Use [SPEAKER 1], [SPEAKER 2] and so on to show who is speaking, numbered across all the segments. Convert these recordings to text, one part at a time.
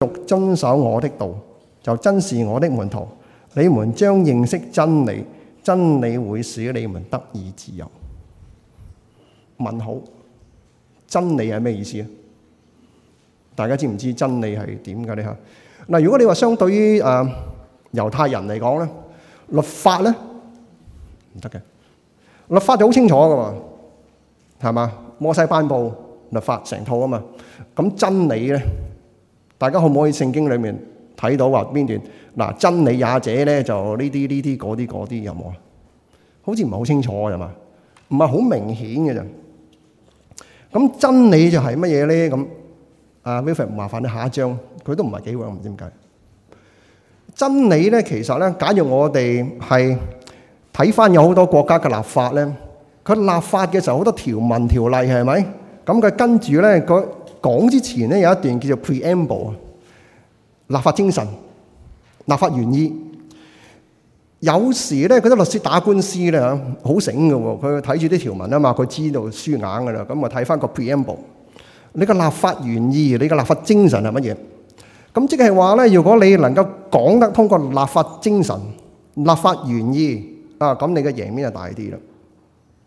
[SPEAKER 1] 若遵守我的道，就真是我的門徒。你們將認識真理，真理會使你們得以自由。問好，真理係咩意思啊？大家知唔知道真理係點噶咧？吓嗱，如果你話相對於誒、呃、猶太人嚟講咧，律法咧唔得嘅，律法就好清楚噶嘛，係嘛？摩西頒布律法成套啊嘛，咁真理咧？大家可唔可以聖經裏面睇到話邊段？嗱，真理也者咧就呢啲呢啲嗰啲嗰啲有冇啊？好似唔係好清楚係嘛？唔係好明顯嘅啫。咁真理就係乜嘢咧？咁阿 Will 范，麻煩你下一章，佢都唔係幾穩，唔知點解。真理咧其實咧，假如我哋係睇翻有好多國家嘅立法咧，佢立法嘅時候好多條文條例係咪？咁佢跟住咧佢。講之前咧有一段叫做 preamble 啊，立法精神、立法原意，有時咧佢啲律師打官司咧好醒嘅喎，佢睇住啲條文啊嘛，佢知道輸硬嘅啦，咁啊睇翻個 preamble，你個立法原意、你個立法精神係乜嘢？咁即係話咧，如果你能夠講得通過立法精神、立法原意啊，咁你嘅贏面就大啲啦，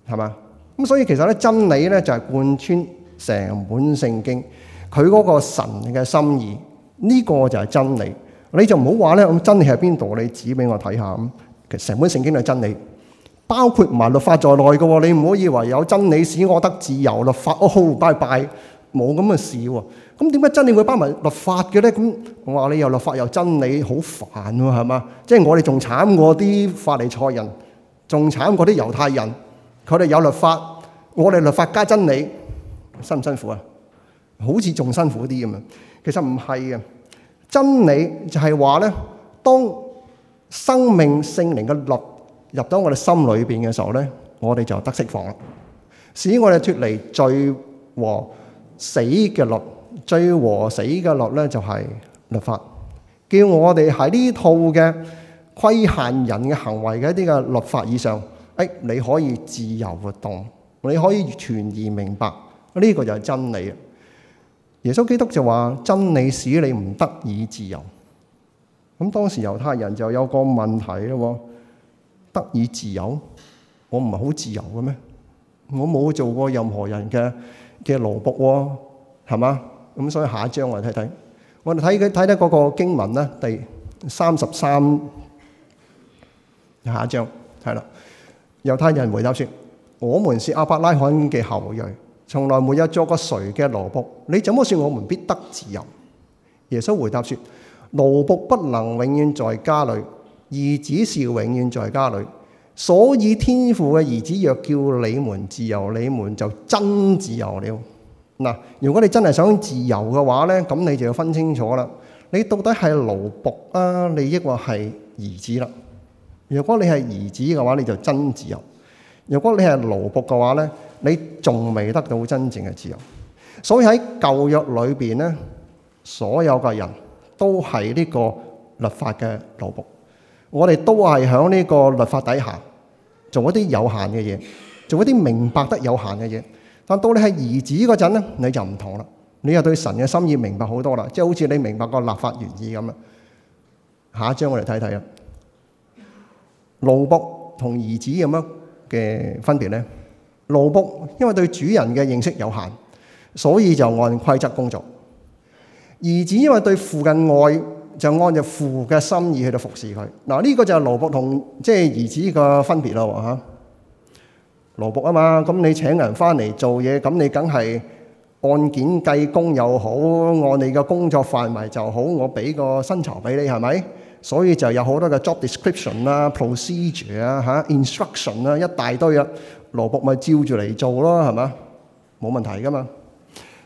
[SPEAKER 1] 係嘛？咁所以其實咧真理咧就係貫穿。成本聖經佢嗰個神嘅心意呢個就係真理，你就唔好話咧。咁真理喺邊度？你指俾我睇下咁。其實成本聖經係真理，包括埋律法在內嘅。你唔好以為有真理使我得自由，律法哦好拜拜，冇咁嘅事喎。咁點解真理會包埋律法嘅咧？咁我話你又律法又真理，好煩喎，係嘛？即係我哋仲慘過啲法利賽人，仲慘過啲猶太人。佢哋有律法，我哋律法加真理。辛唔辛苦啊？好似仲辛苦啲咁啊！其實唔係嘅，真理就係話咧，當生命聖靈嘅律入到我哋心裏邊嘅時候咧，我哋就得釋放啦，使我哋脫離罪和死嘅律。罪和死嘅律咧就係律法，叫我哋喺呢套嘅規限人嘅行為嘅一啲嘅律法以上，誒，你可以自由活動，你可以全然明白。呢個就係真理。耶穌基督就話：真理使你唔得以自由。咁當時猶太人就有個問題咯，得以自由，我唔係好自由嘅咩？我冇做過任何人嘅嘅奴僕喎，係嘛？咁所以下一章我哋睇睇，我哋睇睇睇嗰個經文咧，第三十三下一章係啦。猶太人回答說：我們是亞伯拉罕嘅後裔。從來沒有作過誰嘅奴僕，你怎麼說我們必得自由？耶穌回答說：奴僕不能永遠在家裏，兒子是永遠在家裏。所以天父嘅兒子若叫你們自由，你們就真自由了。嗱，如果你真係想自由嘅話咧，咁你就要分清楚啦。你到底係奴僕啊，你抑或係兒子啦？如果你係兒子嘅話，你就真自由；如果你係奴僕嘅話咧，你仲未得到真正嘅自由，所以喺舊約裏邊咧，所有嘅人都係呢個律法嘅奴僕，我哋都係響呢個律法底下做一啲有限嘅嘢，做一啲明白得有限嘅嘢。但到你係兒子嗰陣咧，你就唔同啦，你又對神嘅心意明白很多了就好多啦，即係好似你明白個立法原意咁啊。下一章我哋睇睇啊，奴僕同兒子咁樣嘅分別咧。奴僕因為對主人嘅認識有限，所以就按規則工作。兒子因為對父嘅愛就按着父嘅心意去服侍佢嗱。呢、這個就是奴僕同即係兒子嘅分別啦吓。奴僕吖嘛，咁你請人翻嚟做嘢，咁你梗係按件計工又好，按你嘅工作範圍就好，我俾個薪酬俾你係咪？是所以就有好多嘅 job description 啦，procedure 啊，吓 instruction 啊，一大堆啊，羅伯咪照住嚟做咯，係嘛，冇問題噶嘛。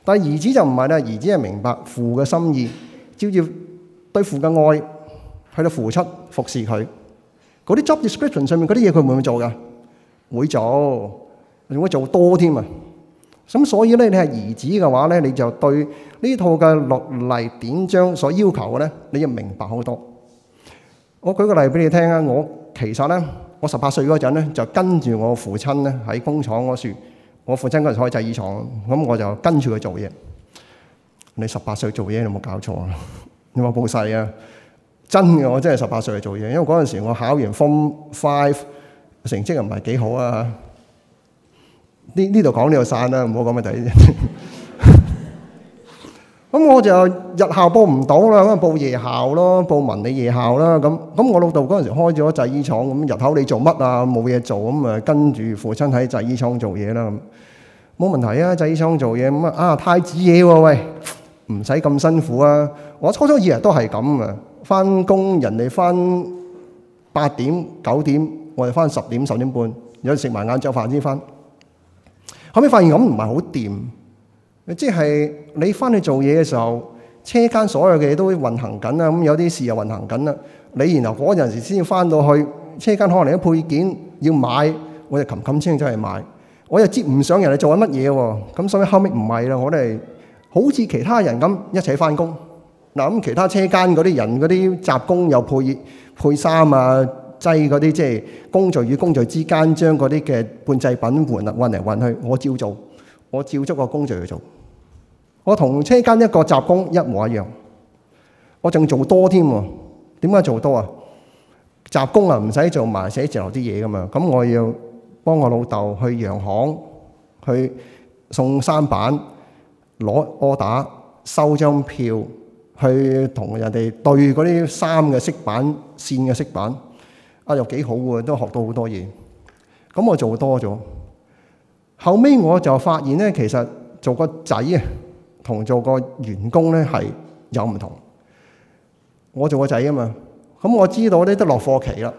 [SPEAKER 1] 但係兒子就唔係啦，兒子係明白父嘅心意，照住對父嘅愛去到付出服侍佢。嗰啲 job description 上面嗰啲嘢佢會唔會做嘅？會做，仲會做多添啊。咁所以咧，你係兒子嘅話咧，你就對呢套嘅律例典章所要求嘅咧，你要明白好多。我舉個例俾你聽啊！我其實咧，我十八歲嗰陣咧，就跟住我父親咧喺工廠嗰處。我父親嗰陣開製衣廠，咁我就跟住佢做嘢。你十八歲做嘢，你有冇搞錯啊？你話報細啊？真嘅，我真係十八歲做嘢，因為嗰陣時我考完 Form Five 成績又唔係幾好啊。呢呢度講呢度散啦，唔好講咁第咁我就日校報唔到啦，咁啊報夜校咯，報文理夜校啦。咁咁我老豆嗰陣時開咗製衣廠，咁入口你做乜啊？冇嘢做，咁啊跟住父親喺製衣廠做嘢啦。咁冇問題啊，製衣廠做嘢咁啊啊太子嘢喎，喂唔使咁辛苦啊！我初初二日都係咁啊，翻工人哋翻八點九點，我哋翻十點十點半，有時食埋晏晝飯先翻。後尾發現咁唔係好掂。即係你翻去做嘢嘅時候，車間所有嘅嘢都會運行緊啦，咁、嗯、有啲事又運行緊啦。你然後嗰陣時先返翻到去車間，可能啲配件要買，我就冚冚清就去買。我又接唔上人哋做緊乜嘢喎？咁所以後尾唔係啦，我哋好似其他人咁一齊翻工。嗱咁、嗯、其他車間嗰啲人嗰啲雜工又配配衫啊、擠嗰啲即係工序與工序之間將嗰啲嘅半製品換啦運嚟運去，我照做，我照足個工序去做，我同車間一個雜工一模一樣，我仲做多添喎？點解做多啊？雜工啊，唔使做埋寫字樓啲嘢噶嘛？咁我要幫我老豆去洋行去送三板，攞波打收張票，去同人哋對嗰啲衫嘅色板、線嘅色板，啊又幾好嘅，都學到好多嘢。咁我做多咗，後尾我就發現咧，其實做個仔啊～同做個員工咧係有唔同。我做個仔啊嘛，咁我知道咧都落貨期啦。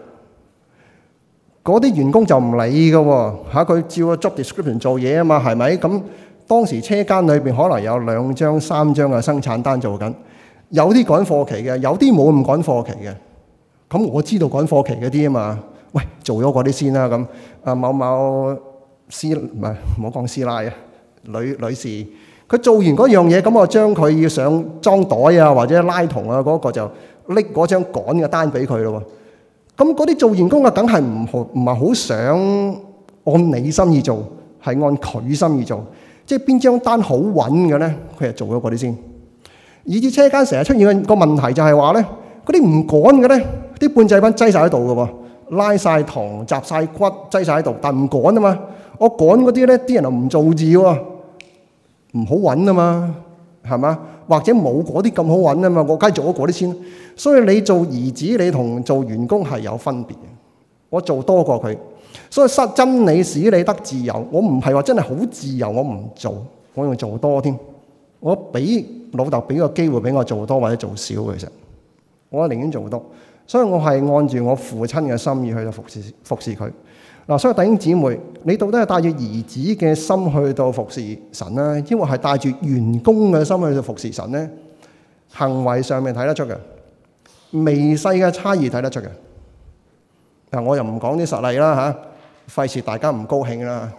[SPEAKER 1] 嗰啲員工就唔理㗎喎，佢、啊、照個 job description 做嘢啊嘛，係咪？咁當時車間裏邊可能有兩張、三張嘅生產單做緊，有啲趕貨期嘅，有啲冇咁趕貨期嘅。咁我知道趕貨期嗰啲啊嘛，喂，做咗嗰啲先啦。咁啊某某師唔係唔好講師奶啊，女女士。佢做完嗰樣嘢，咁我將佢要上裝袋啊，或者拉筒啊嗰、嗰個就拎嗰張趕嘅單俾佢咯。咁嗰啲做員工嘅，梗係唔唔係好想按你心意做，係按佢心意做。即係邊張單好穩嘅咧？佢係做咗嗰啲先。以至車間成日出現個問題就，就係話咧，嗰啲唔趕嘅咧，啲半製品擠晒喺度嘅喎，拉晒糖、雜晒骨擠晒喺度，但唔趕啊嘛。我趕嗰啲咧，啲人又唔做字喎。唔好揾啊嘛，係嘛？或者冇嗰啲咁好揾啊嘛，我梗係做咗嗰啲先。所以你做兒子，你同做員工係有分別嘅。我做多過佢，所以真理使你得自由。我唔係話真係好自由，我唔做，我仲做多添。我俾老豆俾個機會俾我做多或者做少嘅其實，我寧願做多。所以我係按住我父親嘅心意去服侍服侍佢。嗱，所以弟兄姊妹，你到底係帶住兒子嘅心去到服侍神咧，抑或係帶住員工嘅心去到服侍神咧？行為上面睇得出嘅，微細嘅差異睇得出嘅。嗱，我又唔講啲實例啦，嚇，費事大家唔高興啦，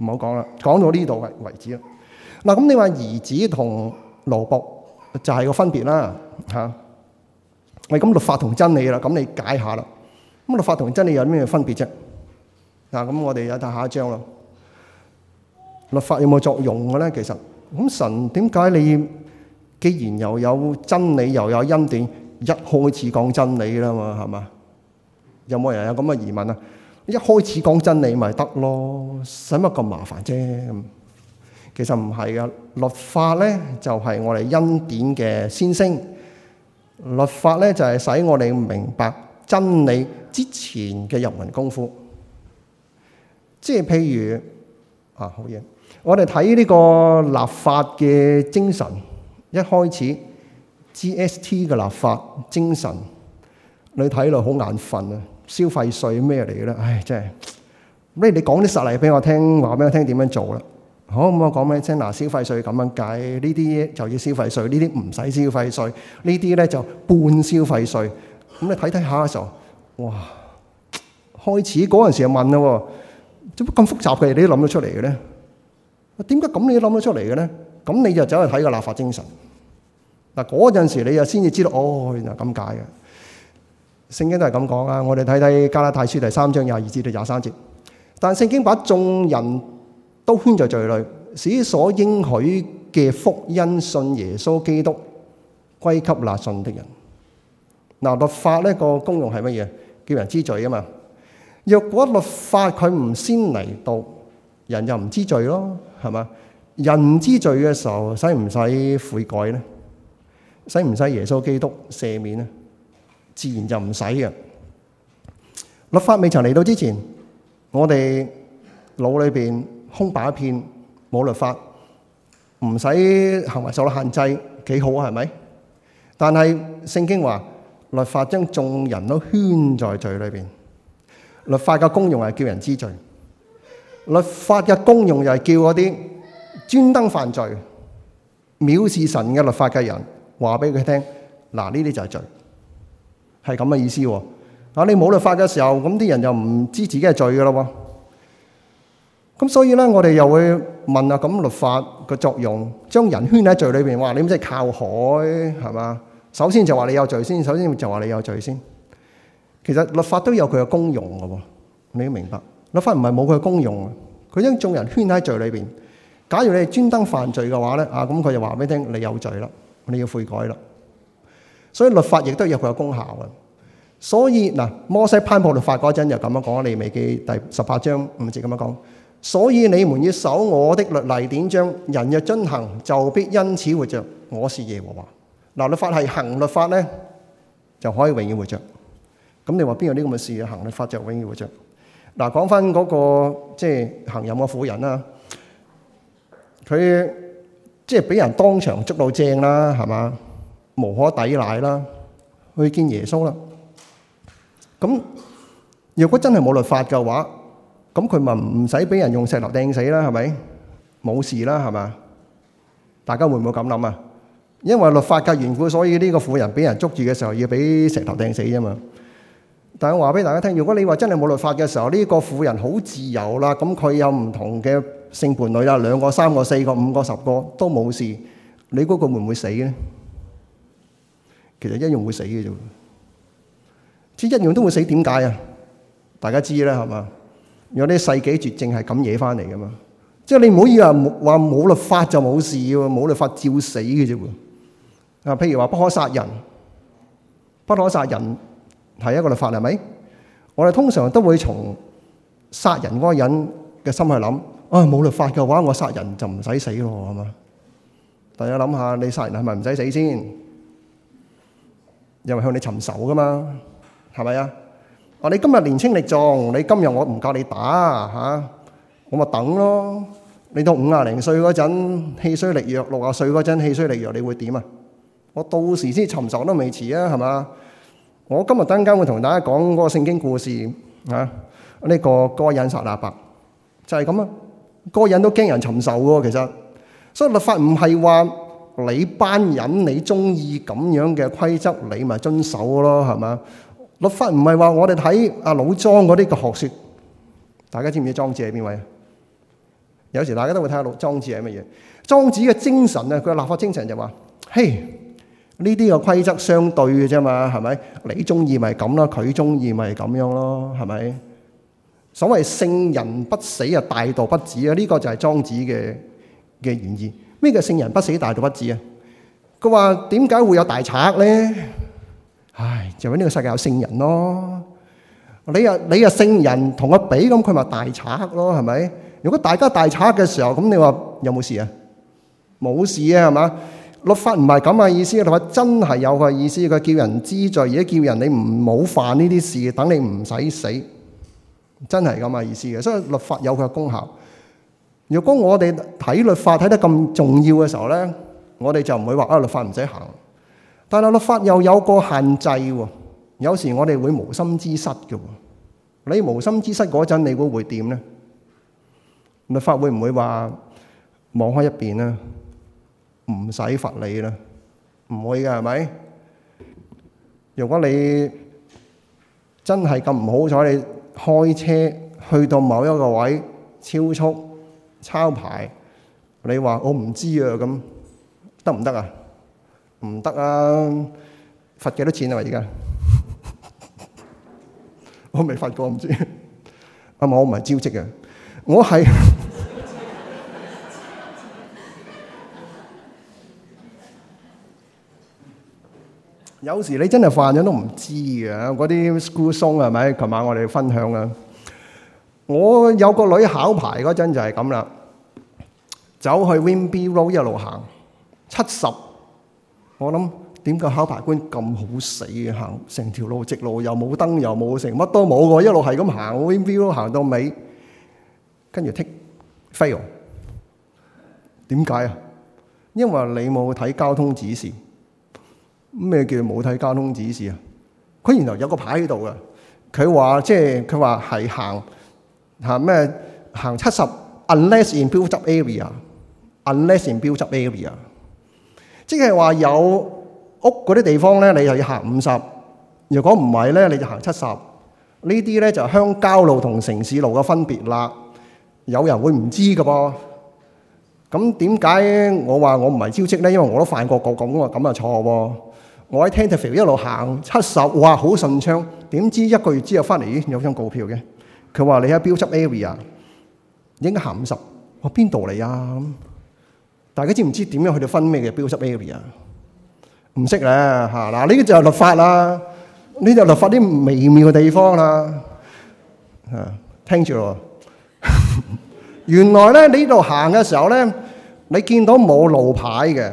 [SPEAKER 1] 唔好講啦，講到呢度為止啦。嗱，咁你話兒子同奴僕就係個分別啦，嚇。喂，咁律法同真理啦，咁你解下啦。咁律法同真理有咩分別啫？嗱，咁我哋有睇下一章咯。律法有冇作用嘅咧？其實咁神點解你既然又有真理又有恩典，一開始講真理啦嘛，係嘛？有冇人有咁嘅疑問啊？一開始講真理咪得咯，使乜咁麻煩啫？咁其實唔係嘅，律法咧就係我哋恩典嘅先聲，律法咧就係使我哋明白真理之前嘅入門功夫。即係譬如啊，好嘢！我哋睇呢個立法嘅精神，一開始 GST 嘅立法精神，你睇落好眼瞓啊！消費稅咩嚟嘅咧？唉，真係，你講啲實例俾我聽，話俾我聽點樣做啦？好，咁，我講俾你聽。嗱，消費稅咁樣解，呢啲就要消費稅，呢啲唔使消費稅，呢啲咧就半消費稅。咁你睇睇下嘅時候，哇！開始嗰陣時又問喎。點解咁複雜嘅嘢，你都諗得出嚟嘅咧？點解咁你都諗得出嚟嘅咧？咁你就走去睇個立法精神。嗱，嗰陣時你又先至知道哦，原來咁解嘅。聖經都係咁講啊！我哋睇睇加拉太書第三章廿二至到廿三節。但聖經把眾人都圈在罪裏，使所應許嘅福音信耶穌基督歸給那信的人。嗱，律法呢個功用係乜嘢？叫人知罪啊嘛。若果律法佢唔先嚟到，人又唔知罪咯，係咪？人唔知罪嘅時候，使唔使悔改咧？使唔使耶穌基督赦免咧？自然就唔使嘅。律法未曾嚟到之前，我哋腦裏邊空白一片，冇律法，唔使行為受到限制，幾好啊？係咪？但係聖經話，律法將眾人都圈在罪裏邊。律法嘅功用係叫人知罪，律法嘅功用就係叫嗰啲專登犯罪、藐視神嘅律法嘅人，話俾佢聽，嗱呢啲就係罪，係咁嘅意思。啊，你冇律法嘅時候，咁啲人就唔知自己係罪噶啦。咁所以咧，我哋又會問啊，咁律法嘅作用，將人圈喺罪裏邊，話你唔即係靠海係嘛？首先就話你有罪先，首先就話你有罪先。其實律法都有佢嘅功用嘅，你要明白。律法唔係冇佢嘅功用，佢將眾人圈喺罪裏邊。假如你係專登犯罪嘅話咧，啊，咁佢就話俾你聽，你有罪啦，你要悔改啦。所以律法亦都有佢嘅功效嘅。所以嗱，摩西頒布律法嗰陣又咁樣講，利未記第十八章五節咁樣講：所以你們要守我的律例典章，人若遵行，就必因此活着。我是耶和華。嗱，律法係行律法咧，就可以永遠活着。咁你話邊有呢咁嘅事啊？行律法著，永遠著。嗱，講翻嗰個即係行淫嘅婦人啦，佢即係俾人當場捉到正啦，係嘛？無可抵賴啦，去見耶穌啦。咁若果真係冇律法嘅話，咁佢咪唔使俾人用石頭掟死啦？係咪？冇事啦，係嘛？大家會唔會咁諗啊？因為律法嘅緣故，所以呢個婦人俾人捉住嘅時候，要俾石頭掟死吖嘛。但係我話俾大家聽，如果你話真係冇律法嘅時候，呢個婦人好自由啦，咁佢有唔同嘅性伴侶啦，兩個、三個、四個、五個、十個都冇事，你估佢會唔會死咧？其實一樣會死嘅啫，即係一樣都會死。點解啊？大家知啦，係嘛？有啲世紀絕症係咁惹翻嚟噶嘛？即係你唔好以為話冇律法就冇事喎，冇律法照死嘅啫喎。啊，譬如話不可殺人，不可殺人。係一個律法，係咪？我哋通常都會從殺人嗰個人嘅心去諗，啊，冇律法嘅話，我殺人就唔使死咯，係嘛？大家諗下，你殺人係咪唔使死先？因為向你尋仇噶嘛，係咪啊？話你今日年輕力壯，你今日我唔夠你打吓，我咪等咯。你到五啊零歲嗰陣氣衰力弱，六啊歲嗰陣氣衰力弱，你會點啊？我到時先尋仇都未遲啊，係嘛？我今日陣間會同大家講嗰個聖經故事啊，呢、這個該隱殺亞伯就係咁啊，該隱都驚人尋仇噶，其實，所以律法唔係話你班人你中意咁樣嘅規則，你咪遵守咯，係嘛？律法唔係話我哋睇阿老莊嗰啲嘅學說，大家知唔知莊子係邊位啊？有時大家都會睇下老莊子係乜嘢，莊子嘅精神啊，佢嘅立法精神就話，嘿。呢啲嘅規則相對嘅啫嘛，係咪？你中意咪咁咯，佢中意咪咁樣咯，係咪？所謂聖人不死啊，大道不止啊，呢個就係莊子嘅嘅原意。咩叫聖人不死，大道不止啊？佢話點解會有大賊咧？唉，就搵呢個世界有聖人咯。你啊，你啊，聖人同佢比咁，佢咪大賊咯，係咪？如果大家大賊嘅時候，咁你話有冇事啊？冇事啊，係嘛？律法唔係咁嘅意思，律法真係有佢嘅意思，佢叫人知罪，而且叫人你唔好犯呢啲事，等你唔使死，真係咁嘅意思嘅。所以律法有佢嘅功效。如果我哋睇律法睇得咁重要嘅時候咧，我哋就唔會話啊律法唔使行。但係律法又有一個限制，有時我哋會無心之失嘅。你無心之失嗰陣，你估會點咧？律法會唔會話望開一邊咧？唔使罰你啦，唔會噶，係咪？如果你真係咁唔好彩，你開車去到某一個位超速，抄牌，你話我唔知啊，咁得唔得啊？唔得啊！罰幾多錢啊？而家我未罰過，唔知啊，我唔係招積啊，我係。我係 有時你真係犯咗都唔知嘅，嗰啲 school 松係咪？琴晚我哋分享啊，我有個女考牌嗰陣就係咁啦，走去 Winby Road 一路行七十，我諗點解考牌官咁好死嘅？行成條路直路又冇燈又冇成乜都冇嘅，一路係咁行 Winby Road 行到尾，跟住 tick fail，點解啊？因為你冇睇交通指示。咩叫冇睇交通指示啊？佢原來有個牌喺度嘅，佢話即係佢話係行行咩行七十，unless in built-up area，unless in built-up area，即係話有屋嗰啲地方咧，你又要行五十；如果唔係咧，你就行七十。呢啲咧就鄉郊路同城市路嘅分別啦。有人會唔知㗎噃。咁點解我話我唔係招職咧？因為我都犯過個咁啊，咁啊錯喎。我喺 Tenterfield 一路行七十，哇好順暢。點知一個月之後翻嚟，咦有張告票嘅？佢話你喺 built-up area 應該行五十。我邊度嚟啊？大家知唔知點樣去到分咩嘅 built-up area？唔識咧嚇嗱，呢個就係立法啦，呢度立法啲微妙嘅地方啦。嚇，聽住咯。原來咧，呢度行嘅時候咧，你見到冇路牌嘅。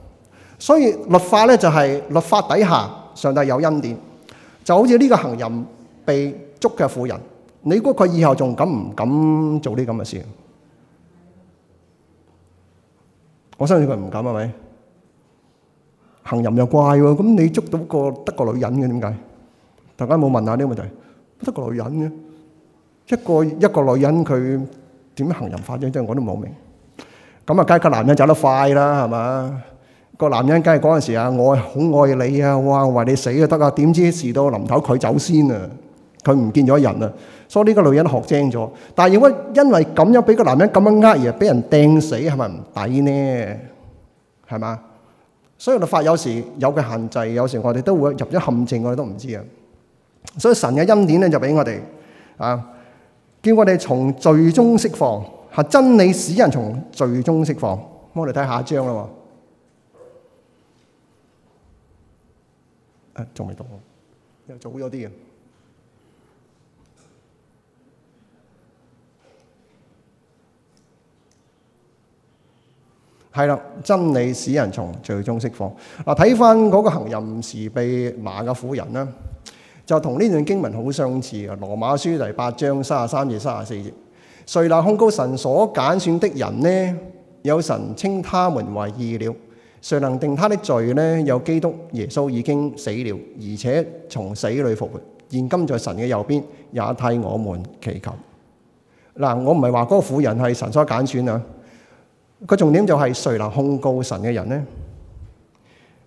[SPEAKER 1] 所以律法咧就係律法底下，上帝有恩典，就好似呢個行淫被捉嘅婦人，你估佢以後仲敢唔敢做啲咁嘅事？我相信佢唔敢，係咪？行淫又怪喎，咁你捉到個得個女人嘅點解？大家冇問下呢個問題，得個女人嘅，一個一個女人佢點行淫法咧，真係我都冇明。咁啊，梗係男人走得快啦，係咪？那個男人梗係嗰陣時啊，我好愛你啊，哇，為你死就了都得啊！點知事到臨頭佢走先啊，佢唔見咗人啊，所以呢個女人學精咗。但係如果因為咁樣俾個男人咁樣呃而俾人掟死，係咪唔抵呢？係嘛，所以律法有時有嘅限制，有時我哋都會入咗陷阱，我哋都唔知啊。所以神嘅恩典呢就俾我哋啊，叫我哋從罪中釋放，係真理使人從罪中釋放。咁我哋睇下一章啦。仲未讀，又早咗啲嘅。係啦， 真理使人從罪中釋放。嗱，睇翻嗰個行淫時被馬嘅婦人啦，就同呢段經文好相似啊。羅馬書第八章三十三至三十四節，誰能控告神所揀選的人呢？有神稱他們為義了。誰能定他的罪呢？有基督耶穌已經死了，而且從死裏復活，現今在神嘅右邊，也替我們祈求。嗱，我唔係話嗰個婦人係神所揀選啊。個重點就係誰能控告神嘅人呢？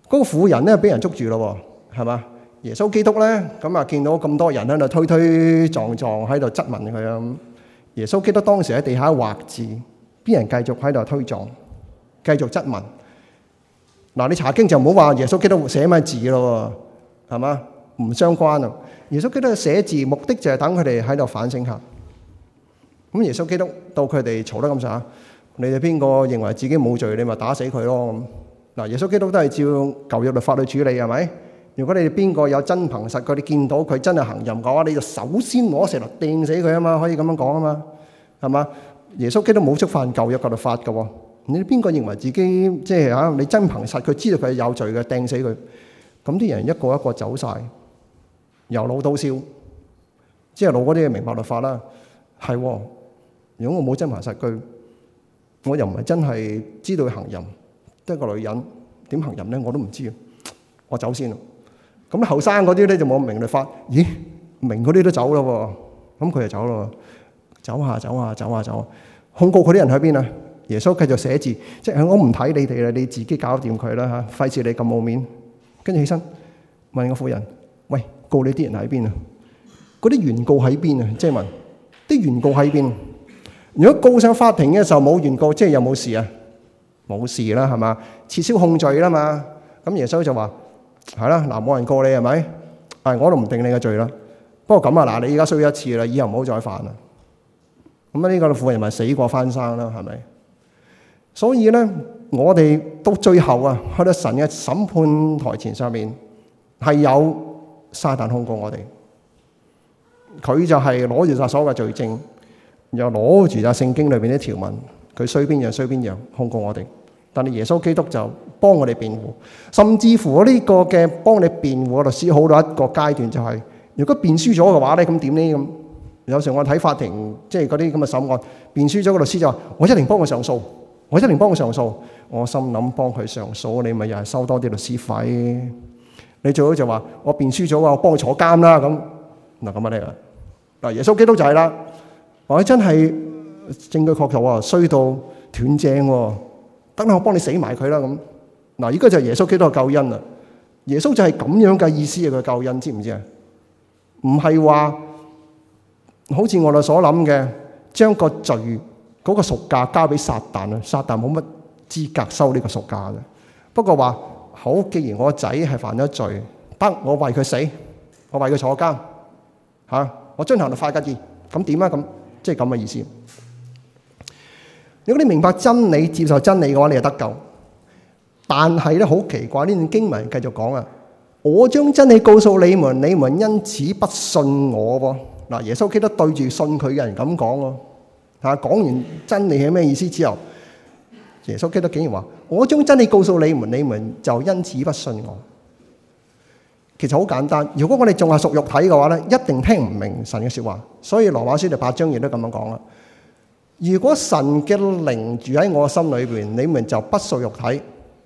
[SPEAKER 1] 嗰、那個婦人呢，俾人捉住咯，係嘛？耶穌基督呢，咁啊，見到咁多人喺度推推撞撞喺度質問佢啊。耶穌基督當時喺地下畫字，啲人繼續喺度推撞，繼續質問。嗱，你查經就唔好話耶穌基督寫咩字咯，係嘛？唔相關啊！耶穌基督寫字目的就係等佢哋喺度反省下。咁耶穌基督到佢哋嘈得咁晒，你哋邊個認為自己冇罪，你咪打死佢咯？嗱，耶穌基督都係照舊約律法去處理，係咪？如果你哋邊個有真憑實據，你見到佢真係行淫嘅話，你就首先攞石頭掟死佢啊嘛，可以咁樣講啊嘛，係嘛？耶穌基督冇觸犯舊約嘅律法嘅。你邊個認為自己即係啊？你真憑實據知道佢係有罪嘅，掟死佢。咁啲人一個一個走晒，由老到少，即係老嗰啲嘅明白律法啦。係，如果我冇真憑實據，我又唔係真係知道佢行淫得係個女人，點行淫咧？我都唔知。我先走先啦。咁後生嗰啲咧就冇明白律法。咦？明嗰啲都走喎。咁佢就走咯。走下走下走下走，控告佢啲人喺邊啊？耶穌繼續寫字，即係我唔睇你哋啦，你自己搞掂佢啦吓，費事你咁冇面。跟住起身問個婦人：喂，告你啲人喺邊啊？嗰啲原告喺邊啊？即係問啲原告喺邊？如果告上法庭嘅時候冇原告，即係有冇事啊？冇事啦，係嘛？撤銷控罪啦嘛？咁耶穌就話：係啦，嗱，冇人告你係咪？啊，我都唔定你個罪啦。不過咁啊，嗱，你依家衰一次啦，以後唔好再犯啦。咁啊，呢個婦人咪死過翻生啦，係咪？所以咧，我哋到最後啊，去到神嘅審判台前上面，係有撒旦控告我哋。佢就係攞住晒所有嘅罪證，又攞住晒聖經裏面啲條文，佢衰邊樣衰邊樣控告我哋。但係耶穌基督就幫我哋辯護，甚至乎呢個嘅幫你辯護嘅律師，好到一個階段就係、是，如果辯輸咗嘅話咧，咁點呢？咁有時我睇法庭即係嗰啲咁嘅審案，辯輸咗個律師就話：我一定幫我上訴。我一年幫佢上訴，我心諗，幫佢上訴，你咪又係收多啲律師費。你最好就話我辯輸咗，我幫佢坐監啦。咁嗱，咁啊叻啦！嗱，耶穌基督就係啦，我真係證據確鑿啊，衰到斷正，等下我幫你死埋佢啦咁。嗱，依家就係耶穌基督嘅救恩啦。耶穌就係咁樣嘅意思嘅佢救恩，知唔知啊？唔係話好似我哋所諗嘅，將個罪。嗰、那個贖價交俾撒旦，啊，撒旦冇乜資格收呢個贖價嘅。不過話好，既然我個仔係犯咗罪，得我為佢死，我為佢坐監，吓我遵行到法嘅意，咁點啊？咁即係咁嘅意思。如果你明白真理，接受真理嘅話，你就得救。但係咧，好奇怪，呢段經文繼續講啊，我將真理告訴你們，你們因此不信我喎。嗱，耶穌基督對住信佢嘅人咁講喎。啊！講完真理係咩意思之後，耶穌基督竟然話：我將真理告訴你們，你們就因此不信我。其實好簡單，如果我哋仲係屬肉體嘅話咧，一定聽唔明神嘅說話。所以羅馬書就八章亦都咁樣講啦。如果神嘅靈住喺我心裏邊，你們就不屬肉體，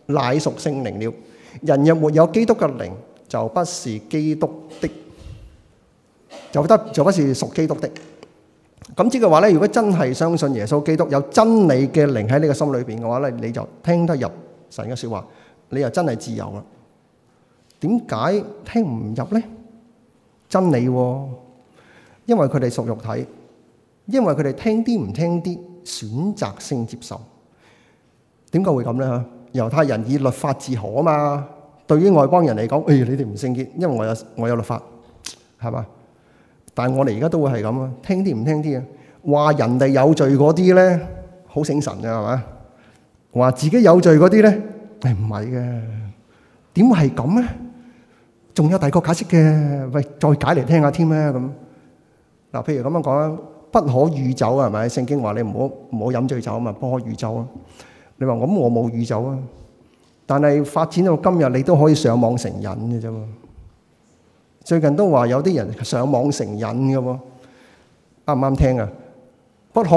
[SPEAKER 1] 乃屬聖靈了。人若沒有基督嘅靈，就不是基督的，就得就不是屬基督的。咁呢句話咧，如果真係相信耶穌基督有真理嘅靈喺你個心裏邊嘅話咧，你就聽得入神嘅說話，你又真係自由啦。點解聽唔入咧？真理喎，因為佢哋屬肉體，因為佢哋聽啲唔聽啲，選擇性接受。點解會咁咧？吓，猶太人以律法自豪啊嘛，對於外邦人嚟講，哎，你哋唔聖潔，因為我有我有律法，係嘛？但係我哋而家都會係咁啊，聽啲唔聽啲啊，話人哋有罪嗰啲咧，好醒神嘅係嘛？話自己有罪嗰啲咧，係唔係嘅？點會係咁咧？仲有第二個解釋嘅，喂，再解嚟聽下添咩咁。嗱，譬如咁樣講，不可預酒啊，係咪？聖經話你唔好唔好飲醉酒啊嘛，不可預酒啊。你話咁，我冇預酒啊。但係發展到今日，你都可以上網成癮嘅啫。最近都話有啲人上網成癮嘅喎，啱唔啱聽啊？不可，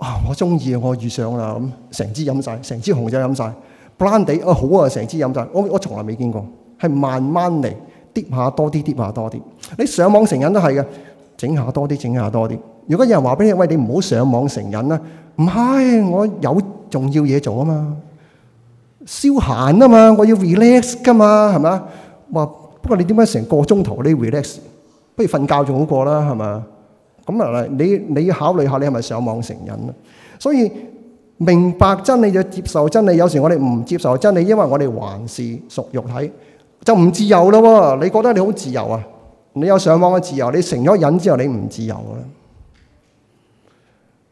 [SPEAKER 1] 啊、我中意啊，我遇上啦咁，成支飲晒，成支紅酒飲曬，白蘭地啊好啊，成支飲晒，我我從來未見過，係慢慢嚟跌下多啲，跌下多啲。你上網成癮都係嘅，整下多啲，整下多啲。如果有人話俾你，喂，你唔好上網成癮啦，唔係我有重要嘢做啊嘛，消閒啊嘛，我要 relax 噶嘛，係咪啊？話不過你點解成個鐘頭你 relax？不如瞓覺仲好過啦，係咪啊？咁啊，你你要考慮下，你係咪上網成癮啦？所以明白真理就接受真理，有時我哋唔接受真理，因為我哋還是屬肉體，就唔自由咯。你覺得你好自由啊？你有上網嘅自由，你成咗癮之後，你唔自由啦。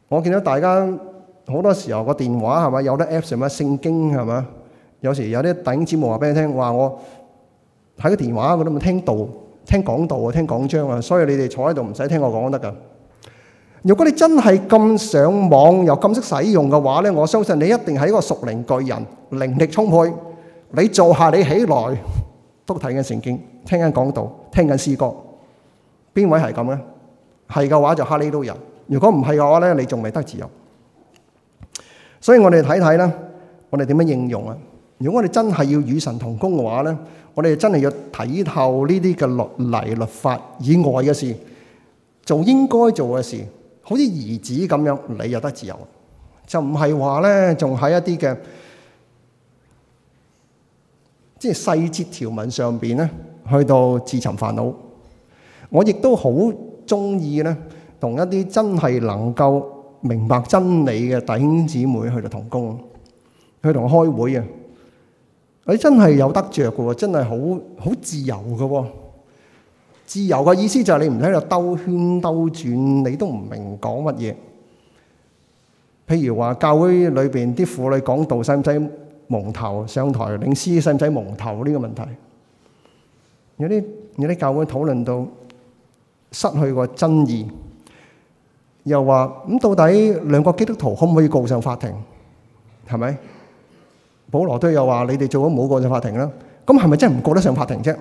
[SPEAKER 1] 我見到大家好多時候個電話係咪有啲 apps，什麼聖經係咪？有時有啲頂節目話俾你聽，我話我睇個電話我都冇聽到。聽講道啊，聽講章啊，所以你哋坐喺度唔使聽我講都得㗎。如果你真係咁上網又咁識使用嘅話呢，我相信你一定係一個屬靈巨人，靈力充沛。你做下你起來，都睇緊聖經，聽緊講道，聽緊詩歌，邊位係咁呢？係嘅話就哈利路亞，如果唔係嘅話呢，你仲未得自由。所以我哋睇睇呢，我哋點樣應用呀？如果我哋真係要與神同工嘅話咧，我哋真係要睇透呢啲嘅律例、律法以外嘅事，做應該做嘅事，好似兒子咁樣，你又得自由，就唔係話咧，仲喺一啲嘅即係細節條文上面咧，去到自尋煩惱。我亦都好中意咧，同一啲真係能夠明白真理嘅弟兄姊妹去到同工，去同佢開會啊。你真係有得着嘅，真係好好自由嘅。自由嘅意思就係你唔喺度兜圈兜轉，你都唔明講乜嘢。譬如話教會裏邊啲婦女講道，使唔使蒙頭上台，領詩，使唔使蒙頭呢個問題？有啲有啲教會討論到失去個真義，又話咁到底兩個基督徒可唔可以告上法庭？係咪？保羅都有話：你哋做咗冇過上法庭啦，咁係咪真係唔過得上法庭啫？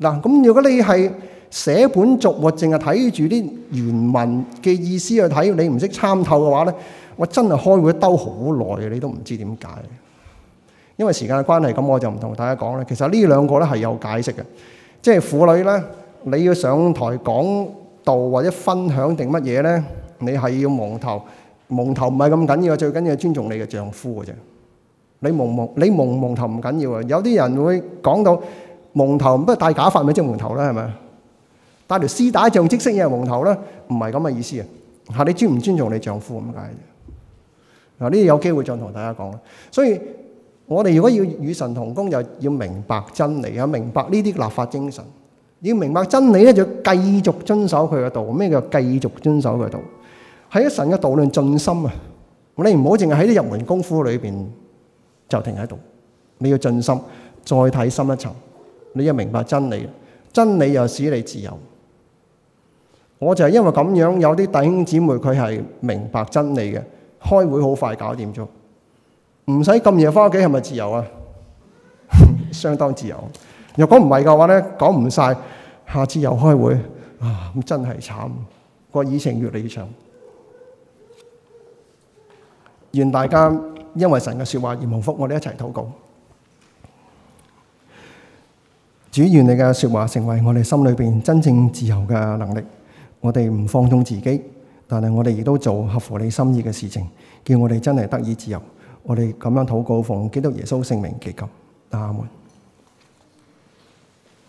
[SPEAKER 1] 嗱，咁如果你係寫本族或淨係睇住啲原文嘅意思去睇，你唔識參透嘅話咧，我真係開會兜好耐嘅，你都唔知點解。因為時間嘅關係，咁我就唔同大家講啦。其實呢兩個咧係有解釋嘅，即係婦女咧，你要上台講道或者分享定乜嘢咧，你係要蒙頭，蒙頭唔係咁緊要，最緊要尊重你嘅丈夫嘅啫。你蒙蒙你蒙蒙頭唔緊要啊！有啲人會講到蒙頭，乜帶假髮咪即係蒙頭啦，係咪？帶條絲帶象徵識嘢係蒙頭咧，唔係咁嘅意思啊！吓，你尊唔尊重你丈夫咁解啫？嗱，呢啲有機會再同大家講。所以我哋如果要與神同工，就要明白真理啊，明白呢啲立法精神。要明白真理咧，就要繼續遵守佢嘅道。咩叫繼續遵守佢嘅道？喺神嘅道裏盡心啊！你唔好淨係喺啲入門功夫裏邊。就停喺度，你要盡心再睇深一層，你要明白真理，真理又使你自由。我就係因為咁樣，有啲弟兄姊妹佢係明白真理嘅，開會好快搞掂咗，唔使咁夜翻屋企係咪自由啊？ 相當自由。若果唔係嘅話咧，講唔晒，下次又開會啊！咁真係慘，個議程越嚟越長。願大家。因為神嘅說話而蒙福，我哋一齊禱告。主願你嘅說話成為我哋心裏邊真正自由嘅能力。我哋唔放縱自己，但係我哋亦都做合乎你心意嘅事情，叫我哋真係得以自由。我哋咁樣禱告，奉基督耶穌聖名祈求，阿門。